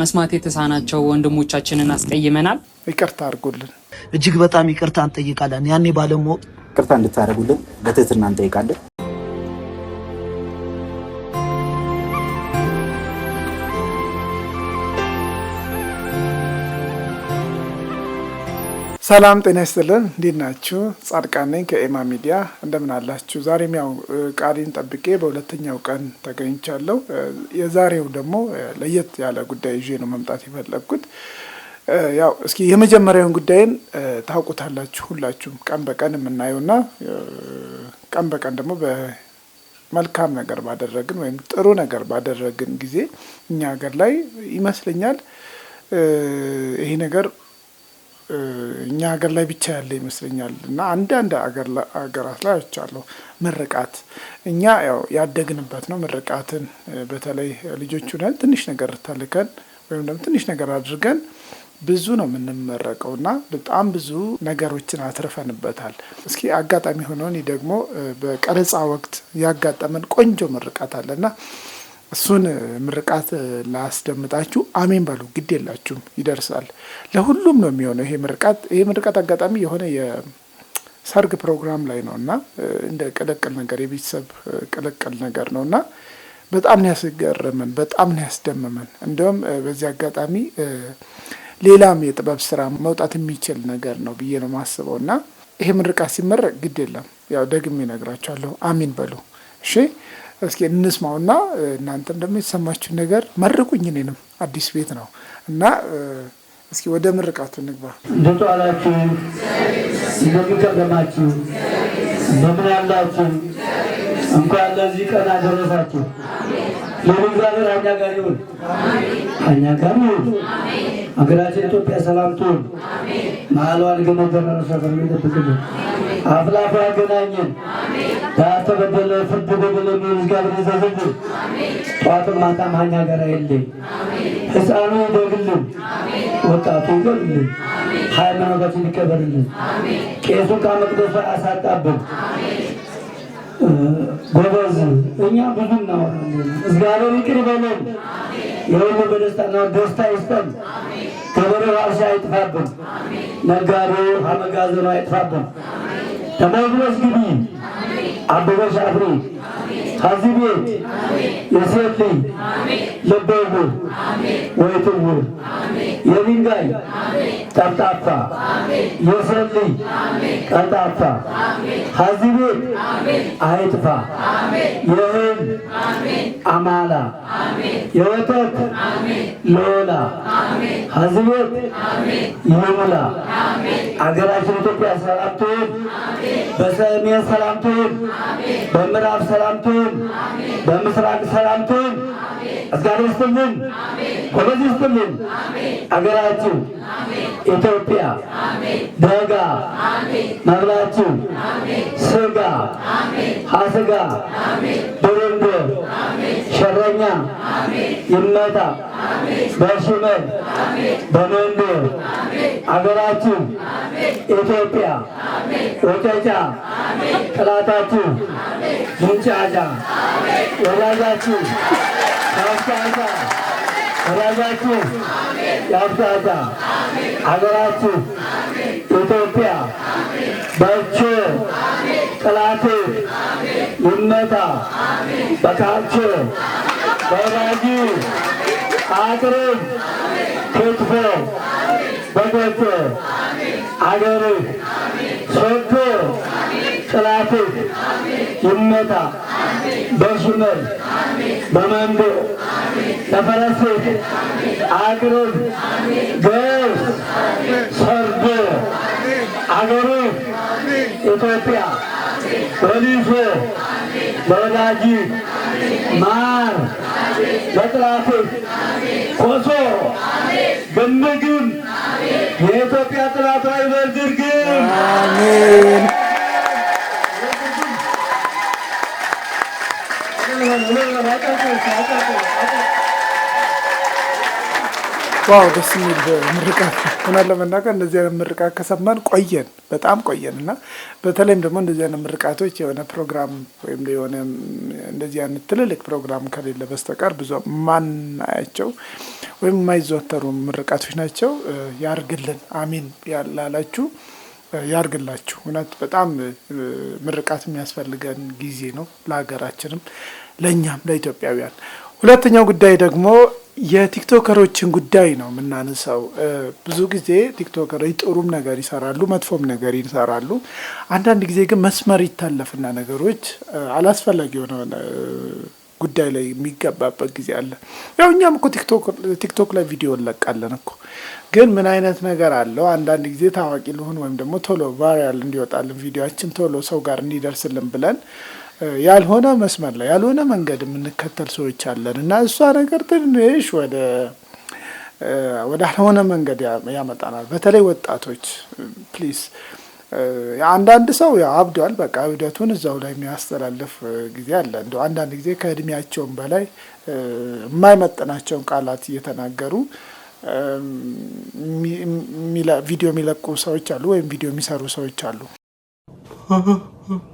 መስማት የተሳናቸው ወንድሞቻችንን አስቀይመናል። ይቅርታ አድርጉልን። እጅግ በጣም ይቅርታ እንጠይቃለን። ያኔ ባለሞ ይቅርታ እንድታደርጉልን በትህትና እንጠይቃለን። ሰላም ጤና ይስጥልን። እንዴት ናችሁ? ጻድቃን ነኝ ከኤማ ሚዲያ እንደምን አላችሁ? ዛሬም ያው ቃሌን ጠብቄ በሁለተኛው ቀን ተገኝቻለሁ። የዛሬው ደግሞ ለየት ያለ ጉዳይ ይዤ ነው መምጣት የፈለግኩት። ያው እስኪ የመጀመሪያውን ጉዳይን ታውቁታላችሁ ሁላችሁም፣ ቀን በቀን የምናየውና ቀን በቀን ደግሞ በመልካም ነገር ባደረግን ወይም ጥሩ ነገር ባደረግን ጊዜ እኛ ሀገር ላይ ይመስለኛል ይሄ ነገር እኛ ሀገር ላይ ብቻ ያለ ይመስለኛል እና አንዳንድ ሀገራት ላይ አይቻለሁ። ምርቃት እኛ ያው ያደግንበት ነው። ምርቃትን በተለይ ልጆቹ ነን ትንሽ ነገር ተልከን ወይም ደግሞ ትንሽ ነገር አድርገን ብዙ ነው የምንመረቀው እና በጣም ብዙ ነገሮችን አትርፈንበታል። እስኪ አጋጣሚ ሆነውን ደግሞ በቀረጻ ወቅት ያጋጠመን ቆንጆ ምርቃት አለና እሱን ምርቃት ላስደምጣችሁ። አሜን በሉ ግድ የላችሁም ይደርሳል። ለሁሉም ነው የሚሆነው ይሄ ምርቃት። ይሄ ምርቃት አጋጣሚ የሆነ የሰርግ ፕሮግራም ላይ ነው እና እንደ ቅልቅል ነገር የቤተሰብ ቅልቅል ነገር ነው እና በጣም ነው ያስገረመን፣ በጣም ነው ያስደመመን። እንዲሁም በዚህ አጋጣሚ ሌላም የጥበብ ስራ መውጣት የሚችል ነገር ነው ብዬ ነው ማስበው እና ይሄ ምርቃት ሲመረቅ ግድ የለም ያው ደግሜ እነግራቸዋለሁ። አሜን በሉ እሺ። እስኪ እንስማውና እናንተም ደግሞ የተሰማችሁ ነገር መርቁኝ። እኔንም አዲስ ቤት ነው እና እስኪ ወደ ምርቃቱ እንግባ። እንደምን ዋላችሁ? እንደምን ከረማችሁ? እንደምን አላችሁ? እንኳን ለዚህ ቀን አደረሳችሁ። የእግዚአብሔር አኛ ጋር ይሁን፣ አኛ ጋር ይሁን። ሀገራችን ኢትዮጵያ ሰላም ትሁን። መዓልዋን ገመገመ ሰፈር ይጠብቅልን፣ አፍላፍ ያገናኘን ያልተበደለ ፍርድ በደለ እግዚአብሔር ይዘዝብ። ጠዋትም ማታም ሀኛ ጋር የለኝ ሕፃኑ ይደግልን፣ ወጣቱ ይገልልን፣ ሃይማኖታችን ይከበርልን፣ ቄሱ ከመቅደሱ አያሳጣብን። ጎበዝ እኛ ብዙ እናወራለን። እግዚአብሔር ይቅር በለን። የሁሉ በደስታና ደስታ ይስጠን። ገበሬው እርሻ አይጥፋብን፣ ነጋዴው መጋዘኑ አይጥፋብን። ተመዝበስ ግቢ አበበሽ አፍሪ ቤት የሴት ልጅ ልበ ውብ ወይት ውብ የድንጋይ ጠፍጣፋ የሴት ልጅ ቀልጣፋ ቤት አይጥፋ የህል አማላ የወተት ሎላ ሀዚቤ ይሙላ አገራችን ኢትዮጵያ ሰራቱን በሰሜን ሰላምቱን፣ በምዕራብ ሰላምቱን፣ በምስራቅ ሰላምቱን እግዚአብሔር ይስጥልን፣ ጎበዝ ይስጥልን። አገራችሁ ኢትዮጵያ በጋ መብላችሁ ስጋ ሀስጋ ዶሮ ገብር ሸረኛ ይመጣ በሹመት በመንዶ አገራችሁ ኢትዮጵያ ወጨጫ ጥላታችሁ ሙንጫጫ ወዳጃችሁ ታስታሳ ሰላማችሁ ያብዛታ። ሀገራችሁ ኢትዮጵያ በቾ ጥላት ይመታ። በካቾ በባጂ አቅርብ ክትፎ በጎጆ አገርህ ሶዶ ጥላት ይመታ። দর্শনল ধনান্দ তাপারাসে আগ্রহ দেশ স্বর্গ আগ্রহ ইথিওপিয়া রলিফে বড়দাজি মার বতরাফে কোসো বন্দগুন ইথিওপিয়া তরাফে বর্জিরগিন আমিন ዋው ደስ የሚል ምርቃት ሆናን ለመናገር እንደዚህ አይነት ምርቃት ከሰማን ቆየን፣ በጣም ቆየን እና በተለይም ደግሞ እንደዚህ አይነት ምርቃቶች የሆነ ፕሮግራም ወይም የሆነ እንደዚህ አይነት ትልልቅ ፕሮግራም ከሌለ በስተቀር ብዙ ማናያቸው ወይም የማይዘወተሩ ምርቃቶች ናቸው። ያርግልን፣ አሚን ያላላችሁ ያርግላችሁ። እውነት በጣም ምርቃት የሚያስፈልገን ጊዜ ነው ለሀገራችንም ለእኛም ለኢትዮጵያውያን። ሁለተኛው ጉዳይ ደግሞ የቲክቶከሮችን ጉዳይ ነው የምናነሳው። ብዙ ጊዜ ቲክቶከሮች ጥሩም ነገር ይሰራሉ፣ መጥፎም ነገር ይሰራሉ። አንዳንድ ጊዜ ግን መስመር ይታለፍና ነገሮች አላስፈላጊ የሆነ ጉዳይ ላይ የሚገባበት ጊዜ አለ። ያው እኛም እኮ ቲክቶክ ላይ ቪዲዮ እንለቃለን እኮ ግን ምን አይነት ነገር አለው? አንዳንድ ጊዜ ታዋቂ ልሆን ወይም ደግሞ ቶሎ ቫይራል እንዲወጣልን ቪዲዮችን ቶሎ ሰው ጋር እንዲደርስልን ብለን ያልሆነ መስመር ላይ ያልሆነ መንገድ የምንከተል ሰዎች አለን እና እሷ ነገር ትንሽ ወደ ወዳልሆነ መንገድ ያመጣናል። በተለይ ወጣቶች ፕሊስ አንዳንድ ሰው አብዷል፣ በቃ እብደቱን እዛው ላይ የሚያስተላልፍ ጊዜ አለ። እንደ አንዳንድ ጊዜ ከእድሜያቸውም በላይ የማይመጥናቸውን ቃላት እየተናገሩ ቪዲዮ የሚለቁ ሰዎች አሉ፣ ወይም ቪዲዮ የሚሰሩ ሰዎች አሉ።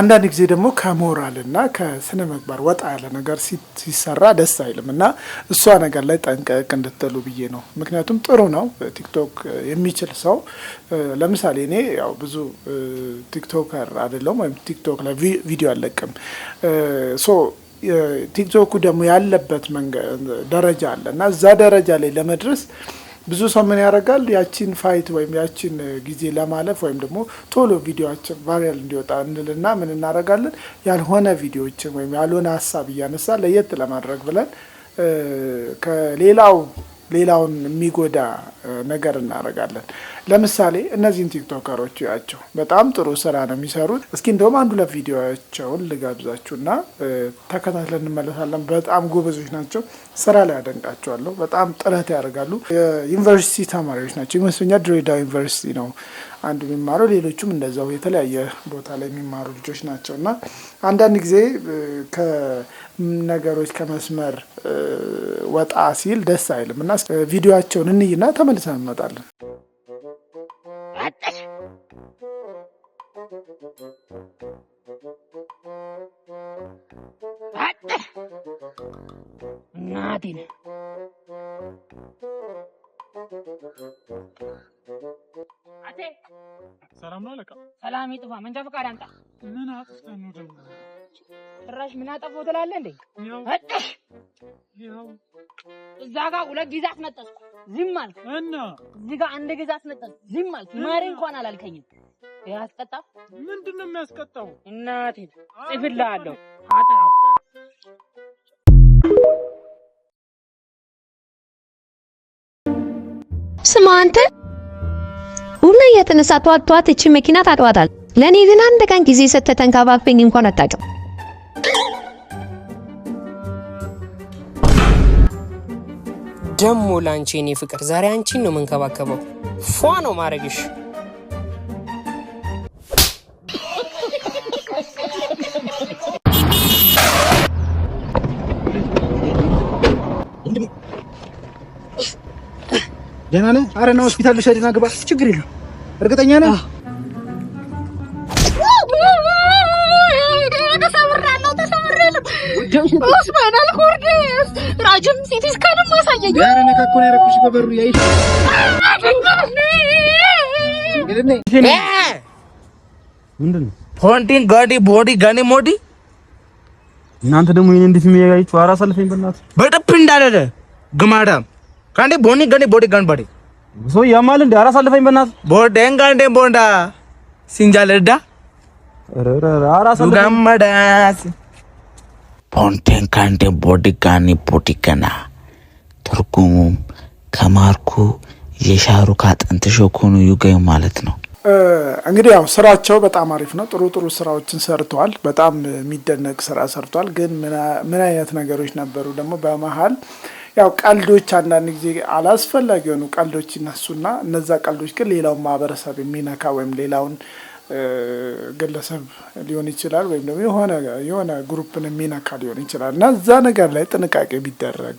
አንዳንድ ጊዜ ደግሞ ከሞራል እና ከስነ ምግባር ወጣ ያለ ነገር ሲሰራ ደስ አይልም እና እሷ ነገር ላይ ጠንቀቅ እንድትሉ ብዬ ነው። ምክንያቱም ጥሩ ነው ቲክቶክ የሚችል ሰው ለምሳሌ እኔ ያው ብዙ ቲክቶከር አይደለም ወይም ቲክቶክ ላይ ቪዲዮ አለቅም ሶ ቲክቶኩ ደግሞ ያለበት ደረጃ አለ እና እዛ ደረጃ ላይ ለመድረስ ብዙ ሰው ምን ያደርጋል? ያቺን ፋይት ወይም ያቺን ጊዜ ለማለፍ ወይም ደግሞ ቶሎ ቪዲዮችን ቫይራል እንዲወጣ እንልና ምን እናደርጋለን? ያልሆነ ቪዲዮችን ወይም ያልሆነ ሀሳብ እያነሳ ለየት ለማድረግ ብለን ከሌላው ሌላውን የሚጎዳ ነገር እናደርጋለን። ለምሳሌ እነዚህን ቲክቶከሮች ያቸው በጣም ጥሩ ስራ ነው የሚሰሩት። እስኪ እንደውም አንድ ሁለት ቪዲዮቸውን ልጋብዛችሁና ተከታትለን እንመለሳለን። በጣም ጎበዞች ናቸው። ስራ ላይ ያደንቃቸዋለሁ። በጣም ጥረት ያደርጋሉ። የዩኒቨርሲቲ ተማሪዎች ናቸው ይመስለኛል። ድሬዳዋ ዩኒቨርሲቲ ነው አንዱ የሚማረው ሌሎቹም እንደዛው የተለያየ ቦታ ላይ የሚማሩ ልጆች ናቸው እና አንዳንድ ጊዜ ነገሮች ከመስመር ወጣ ሲል ደስ አይልም እና ቪዲዮቸውን እንይና ተመልሰን እንመጣለን። እናቴን አቴ ሰላም ነው አለቃ። ሰላም ይጥፋ። መንጃ ፈቃድ አምጣ። ምን አጥፍተን ነው ደግሞ? ጭራሽ ምን አጠፋው ትላለህ እንዴ? ያው እዛ ጋር ሁለት ጊዜ አስነጠስኩ ዝም አልክ እና እዚህ ጋር አንድ ጊዜ አስነጠስኩ ዝም አልክ። ማሪ እንኳን አላልከኝም። ያስቀጣ ምንድን ነው የሚያስቀጣው? እናቴ ጽፍልሃለሁ አጥራ ስማ አንተ ሁሉ የተነሳ ጧት ጧት እቺ መኪና ታጥዋታል። ለኔ ግን አንድ ቀን ጊዜ ሰጥተህ ተንከባክበኝ እንኳን አታውቅም። ደሞ ላንቺ እኔ ፍቅር ዛሬ አንቺን ነው የምንከባከበው ፏ ነው ማረግሽ። ደህና ነህ? ኧረ ና ሆስፒታል ልውሰድና ግባ። ችግር የለም። እርግጠኛ ነህ? ራጅም ሲቲ ስካንም ማሳየኝ በበሩ ፖንቲን ጋዲ ቦዲ ጋኒ ሞዲ እናንተ ደግሞ ይሄን እንዴት የሚያያችሁ? አራሳልፈኝ በእናትህ በጥፍ እንዳለ ግማዳም కండి బోని కండి బోటి కనబడి సో ఏమాలి అరా సల్లిపోయి బన్నా బోటేం కండి బోండా సింజాలెడ్డా పొంటెం కంటే బొడి కానీ పొటికనా ትርጉሙ ከማርኩ የሻሩክ አጥንት ሾኮኑ ዩገኝ ማለት ነው። እንግዲህ ያው ስራቸው በጣም አሪፍ ነው። ጥሩ ጥሩ ስራዎችን ሰርተዋል። በጣም የሚደነቅ ስራ ሰርተዋል። ግን ምን አይነት ነገሮች ነበሩ ደግሞ በመሀል ያው ቀልዶች አንዳንድ ጊዜ አላስፈላጊ የሆኑ ቀልዶች ይነሱና እነዛ ቀልዶች ግን ሌላውን ማህበረሰብ የሚነካ ወይም ሌላውን ግለሰብ ሊሆን ይችላል ወይም ደግሞ የሆነ የሆነ ግሩፕን የሚነካ ሊሆን ይችላል እና እዛ ነገር ላይ ጥንቃቄ ቢደረግ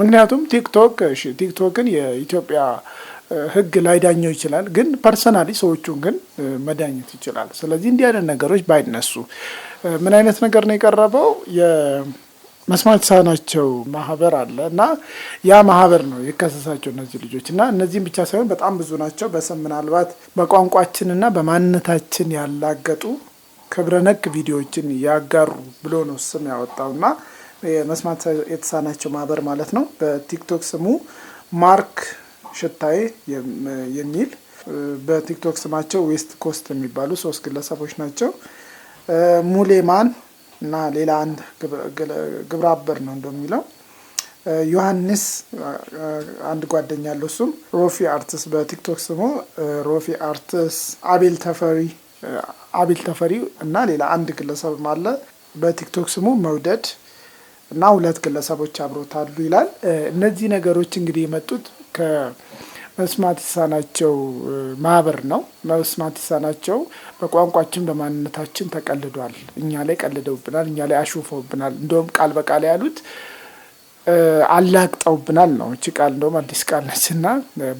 ምክንያቱም ቲክቶክ ቲክቶክን የኢትዮጵያ ህግ ላይ ዳኘው ይችላል፣ ግን ፐርሰናሊ ሰዎቹን ግን መዳኘት ይችላል። ስለዚህ እንዲህ አይነት ነገሮች ባይነሱ ምን አይነት ነገር ነው የቀረበው? መስማት ሳናቸው ማህበር አለ እና ያ ማህበር ነው የከሰሳቸው እነዚህ ልጆች እና እነዚህም ብቻ ሳይሆን በጣም ብዙ ናቸው። በስም ምናልባት በቋንቋችንና በማንነታችን ያላገጡ ክብረነክ ቪዲዮዎችን ያጋሩ ብሎ ነው ስም ያወጣው እና መስማት የተሳናቸው ማህበር ማለት ነው። በቲክቶክ ስሙ ማርክ ሽታዬ የሚል በቲክቶክ ስማቸው ዌስት ኮስት የሚባሉ ሶስት ግለሰቦች ናቸው ሙሌማን እና ሌላ አንድ ግብራበር ነው እንደሚለው ዮሐንስ አንድ ጓደኛ አለው። እሱም ሮፊ አርትስ በቲክቶክ ስሙ ሮፊ አርትስ፣ አቤል ተፈሪ አቤል ተፈሪ እና ሌላ አንድ ግለሰብም አለ በቲክቶክ ስሙ መውደድ እና ሁለት ግለሰቦች አብሮታሉ ይላል። እነዚህ ነገሮች እንግዲህ የመጡት መስማት የተሳናቸው ማህበር ነው። መስማት የተሳናቸው በቋንቋችን በማንነታችን ተቀልዷል። እኛ ላይ ቀልደውብናል፣ እኛ ላይ አሹፈውብናል። እንደውም ቃል በቃል ያሉት አላግጠውብናል ነው። እቺ ቃል እንደውም አዲስ ቃል ነች እና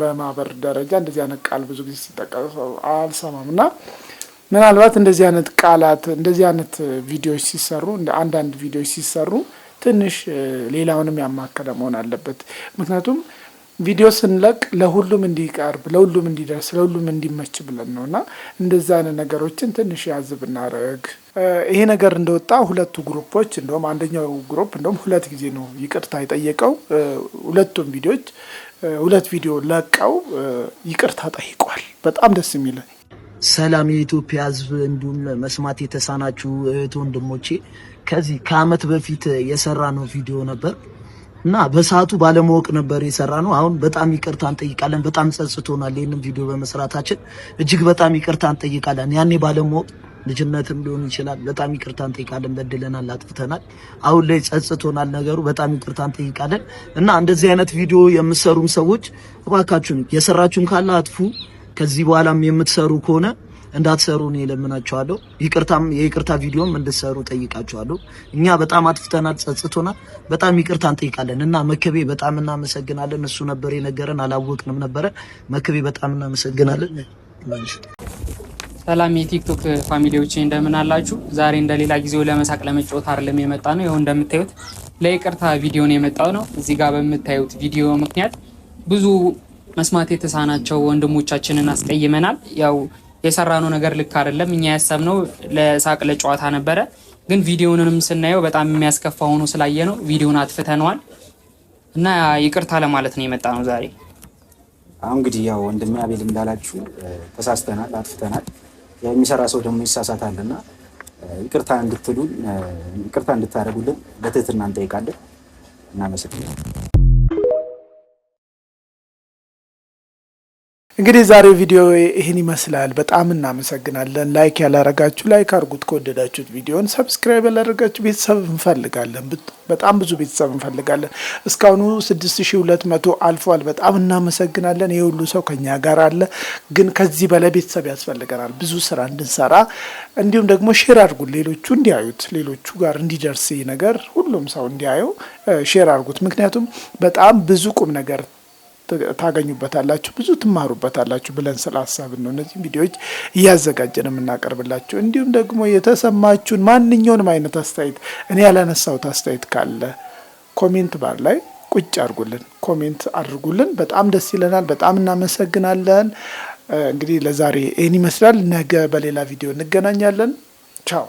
በማህበር ደረጃ እንደዚህ አይነት ቃል ብዙ ጊዜ ሲጠቀስ አልሰማም እና ምናልባት እንደዚህ አይነት ቃላት እንደዚህ አይነት ቪዲዮዎች ሲሰሩ አንዳንድ ቪዲዮዎች ሲሰሩ ትንሽ ሌላውንም ያማከለ መሆን አለበት ምክንያቱም ቪዲዮ ስንለቅ ለሁሉም እንዲቀርብ ለሁሉም እንዲደርስ ለሁሉም እንዲመች ብለን ነው እና እንደዛ አይነት ነገሮችን ትንሽ ያዝ ብናረግ ይሄ ነገር እንደወጣ ሁለቱ ግሩፖች እንደውም አንደኛው ግሩፕ እንደውም ሁለት ጊዜ ነው ይቅርታ የጠየቀው። ሁለቱም ቪዲዮች ሁለት ቪዲዮ ለቀው ይቅርታ ጠይቋል። በጣም ደስ የሚል ሰላም የኢትዮጵያ ህዝብ እንዲሁም መስማት የተሳናችሁ እህት ወንድሞቼ ከዚህ ከአመት በፊት የሰራ ነው ቪዲዮ ነበር እና በሰዓቱ ባለማወቅ ነበር የሰራ ነው። አሁን በጣም ይቅርታ እንጠይቃለን። በጣም ጸጽቶናል። ይህንም ቪዲዮ በመስራታችን እጅግ በጣም ይቅርታ እንጠይቃለን። ያኔ ባለማወቅ ልጅነትም ሊሆን ይችላል። በጣም ይቅርታ እንጠይቃለን። በድለናል፣ አጥፍተናል። አሁን ላይ ጸጽቶናል ነገሩ። በጣም ይቅርታ እንጠይቃለን እና እንደዚህ አይነት ቪዲዮ የምትሰሩም ሰዎች እባካችሁን የሰራችሁን ካለ አጥፉ። ከዚህ በኋላም የምትሰሩ ከሆነ እንዳትሰሩ እኔ ለምናችኋለሁ። ይቅርታም የይቅርታ ቪዲዮም እንድትሰሩ ጠይቃችኋለሁ። እኛ በጣም አጥፍተናል፣ ጸጽቶናል። በጣም ይቅርታ እንጠይቃለን እና መከቤ በጣም እናመሰግናለን። እሱ ነበር የነገረን፣ አላወቅንም ነበረ። መከቤ በጣም እናመሰግናለን። ሰላም የቲክቶክ ፋሚሊዎች እንደምን አላችሁ? ዛሬ እንደሌላ ጊዜው ለመሳቅ ለመጫወት አይደለም የመጣ ነው። ይኸው እንደምታዩት ለይቅርታ ቪዲዮን የመጣው ነው። እዚህ ጋር በምታዩት ቪዲዮ ምክንያት ብዙ መስማት የተሳናቸው ወንድሞቻችንን አስቀይመናል። ያው የሰራነው ነገር ልክ አይደለም፣ እኛ ያሰብነው ለሳቅ ለጨዋታ ነበረ። ግን ቪዲዮውንም ስናየው በጣም የሚያስከፋ ሆኖ ስላየ ነው ቪዲዮውን አጥፍተነዋል እና ይቅርታ ለማለት ነው የመጣ ነው ዛሬ። አሁን እንግዲህ ያው ወንድሜ አቤል እንዳላችሁ ተሳስተናል፣ አጥፍተናል። የሚሰራ ሰው ደግሞ ይሳሳታል እና ይቅርታ እንድትሉን ይቅርታ እንድታደርጉልን በትህትና እንጠይቃለን። እናመሰግናለን። እንግዲህ ዛሬ ቪዲዮ ይህን ይመስላል። በጣም እናመሰግናለን። ላይክ ያላረጋችሁ ላይክ አርጉት፣ ከወደዳችሁት ቪዲዮን ሰብስክራይብ ያላረጋችሁ ቤተሰብ እንፈልጋለን። በጣም ብዙ ቤተሰብ እንፈልጋለን። እስካሁኑ 6200 አልፏል። በጣም እናመሰግናለን። ይህ ሁሉ ሰው ከኛ ጋር አለ፣ ግን ከዚህ በላይ ቤተሰብ ያስፈልገናል ብዙ ስራ እንድንሰራ። እንዲሁም ደግሞ ሼር አድርጉት፣ ሌሎቹ እንዲያዩት፣ ሌሎቹ ጋር እንዲደርስ ነገር ሁሉም ሰው እንዲያዩ ሼር አድርጉት። ምክንያቱም በጣም ብዙ ቁም ነገር ታገኙበታላችሁ፣ ብዙ ትማሩበታላችሁ ብለን ስለ ሀሳብን ነው እነዚህ ቪዲዮዎች እያዘጋጀን የምናቀርብላችሁ። እንዲሁም ደግሞ የተሰማችሁን ማንኛውንም አይነት አስተያየት እኔ ያላነሳሁት አስተያየት ካለ ኮሜንት ባር ላይ ቁጭ አድርጉልን፣ ኮሜንት አድርጉልን። በጣም ደስ ይለናል። በጣም እናመሰግናለን። እንግዲህ ለዛሬ ይህን ይመስላል። ነገ በሌላ ቪዲዮ እንገናኛለን። ቻው